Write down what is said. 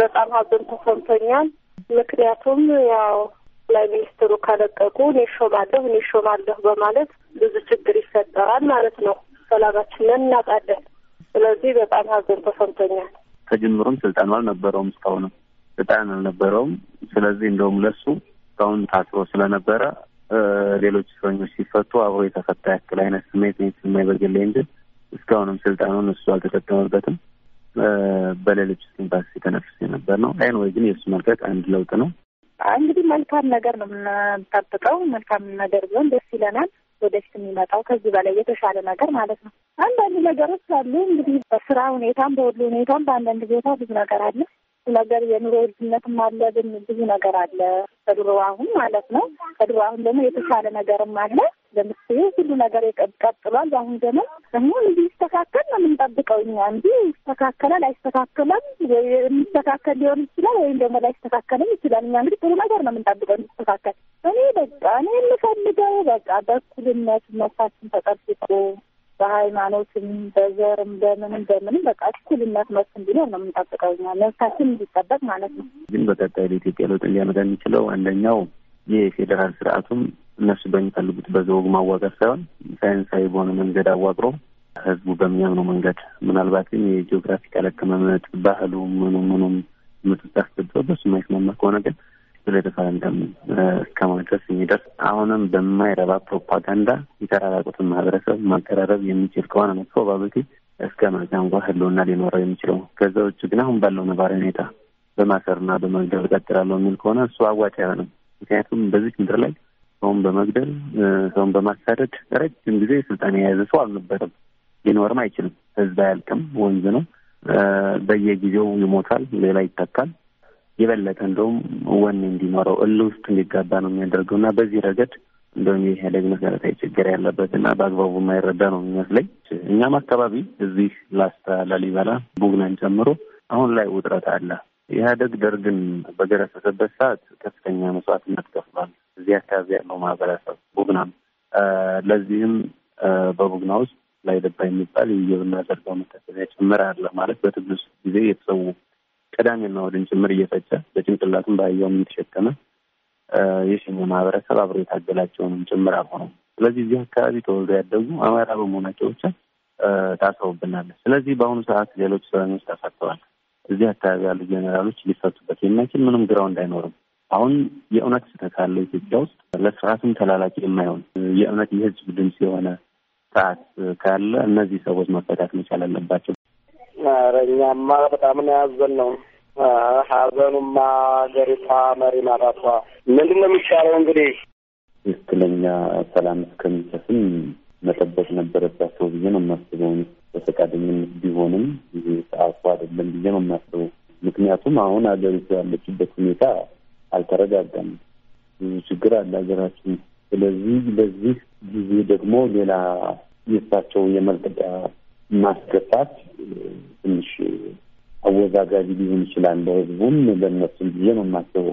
በጣም ሀዘን ተሰምቶኛል። ምክንያቱም ያው ጠቅላይ ሚኒስትሩ ከለቀቁ እኔ እሾማለሁ እኔ እሾማለሁ በማለት ብዙ ችግር ይፈጠራል ማለት ነው። ሰላማችንን እናጣለን። ስለዚህ በጣም ሀዘን ተሰምቶኛል። ከጅምሩም ስልጣኑ አልነበረውም፣ እስካሁንም ስልጣን አልነበረውም። ስለዚህ እንደውም ለሱ እስካሁን ታስሮ ስለነበረ ሌሎች እስረኞች ሲፈቱ አብሮ የተፈታ ያክል አይነት ስሜት ስሜ በግሌ እንጂ እስካሁንም ስልጣኑን እሱ አልተጠቀመበትም። በሌሎች ስንባስ የተነፍስ የነበር ነው። ወይ ግን የእሱ መልቀቅ አንድ ለውጥ ነው። እንግዲህ መልካም ነገር ነው የምንጠብቀው። መልካም ነገር ቢሆን ደስ ይለናል። ወደፊት የሚመጣው ከዚህ በላይ የተሻለ ነገር ማለት ነው። አንዳንድ ነገሮች አሉ እንግዲህ በስራ ሁኔታም በወሎ ሁኔታም በአንዳንድ ቦታ ብዙ ነገር አለ። ነገር የኑሮ ውድነትም አለ፣ ግን ብዙ ነገር አለ ከድሮ አሁን ማለት ነው። ከድሮ አሁን ደግሞ የተሻለ ነገርም አለ። ለምሳሌ ሁሉ ነገር ቀጥሏል። አሁን ዘመን አሁን እንዲስተካከል ነው የምንጠብቀው እኛ እንጂ ይስተካከላል አይስተካከለም፣ የሚስተካከል ሊሆን ይችላል ወይም ደግሞ ላይስተካከልም ይችላል። እኛ እንግዲህ ጥሩ ነገር ነው የምንጠብቀው እንዲስተካከል። እኔ በቃ እኔ የምፈልገው በቃ በእኩልነት መሳችን ተጠብቆ በሃይማኖትም በዘርም በምንም በምንም በቃ እኩልነት መስ እንዲኖር ነው የምንጠብቀው እኛ መብታችን እንዲጠበቅ ማለት ነው። ግን በቀጣይ ለኢትዮጵያ ለውጥ ሊያመጣ የሚችለው አንደኛው የፌዴራል ስርዓቱም እነሱ በሚፈልጉት በዘወግ ማዋቀር ሳይሆን ሳይንሳዊ በሆነ መንገድ አዋቅሮ ህዝቡ በሚያምነው መንገድ ምናልባትም የጂኦግራፊ ቀለክመመት ባህሉ ምኑ ምኑም ምጡት አስገብተው በሱ የማይስማማ ከሆነ ግን ቤተሰብን እስከ ማድረስ የሚደርስ አሁንም በማይረባ ፕሮፓጋንዳ የተራራቁትን ማህበረሰብ ማቀራረብ የሚችል ከሆነ መጥፎ ባበቲ እስከ መጫንጓ ህልውና ሊኖረው የሚችለው ከዛ ውጭ ግን አሁን ባለው ነባሪ ሁኔታ በማሰርና በመግደል እቀጥላለሁ የሚል ከሆነ እሱ አዋጭ አይሆንም። ምክንያቱም በዚህ ምድር ላይ ሰውን በመግደል ሰውን በማሳደድ ረጅም ጊዜ ስልጣን የያዘ ሰው አልነበረም፣ ሊኖርም አይችልም። ህዝብ አያልቅም፣ ወንዝ ነው። በየጊዜው ይሞታል፣ ሌላ ይተካል። የበለጠ እንደውም ወኔ እንዲኖረው እል ውስጥ እንዲጋባ ነው የሚያደርገው እና በዚህ ረገድ እንደውም የኢህአዴግ መሰረታዊ ችግር ያለበት እና በአግባቡ የማይረዳ ነው የሚመስለኝ። እኛም አካባቢ እዚህ ላስታ፣ ላሊበላ፣ ቡግናን ጨምሮ አሁን ላይ ውጥረት አለ። ኢህአዴግ ደርግን በገረሰሰበት ሰዓት ከፍተኛ መስዋዕትነት ከፍሏል። እዚህ አካባቢ ያለው ማህበረሰብ ቡግናም፣ ለዚህም በቡግና ውስጥ ላይ ደባ የሚባል የብና ዘርጋ መታሰቢያ ጭምር አለ ማለት በትግል ጊዜ የተሰዉ ቅዳሜና እሑድን ጭምር እየፈጨ በጭንቅላቱም በአህያውም እየተሸከመ የሽኝ ማህበረሰብ አብሮ የታገላቸውንም ጭምር አልሆነ ስለዚህ እዚህ አካባቢ ተወልዶ ያደጉ አማራ በመሆናቸው ብቻ ታስረውብናል። ስለዚህ በአሁኑ ሰዓት ሌሎች እስረኞች ተፈተዋል። እዚህ አካባቢ ያሉ ጄኔራሎች ሊፈቱበት የማይችል ምንም ግራውንድ አይኖርም። አሁን የእውነት ስህተት ካለ ኢትዮጵያ ውስጥ ለስርዓቱም ተላላቂ የማይሆን የእውነት የህዝብ ድምፅ የሆነ ስርዓት ካለ እነዚህ ሰዎች መፈታት መቻል አለባቸው። ኧረ እኛማ በጣም ነው ያዘን ነው ሀዘኑማ ሀገሪቷ መሪ ማራቷ ምንድን ነው የሚቻለው እንግዲህ ትክክለኛ ሰላም እስከሚሰፍን መጠበቅ ነበረባቸው ብዬ ነው የማስበው። በፈቃደኝነት ቢሆንም ይሄ ሰዓቱ አይደለም ብዬ ነው የማስበው። ምክንያቱም አሁን ሀገሪቱ ያለችበት ሁኔታ አልተረጋጋም። ብዙ ችግር አለ ሀገራችን። ስለዚህ ለዚህ ጊዜ ደግሞ ሌላ የሳቸው የመልቀቂያ ማስገባት ትንሽ አወዛጋቢ ሊሆን ይችላል። ለህዝቡም ለነሱም ብዬ ነው የማስበው።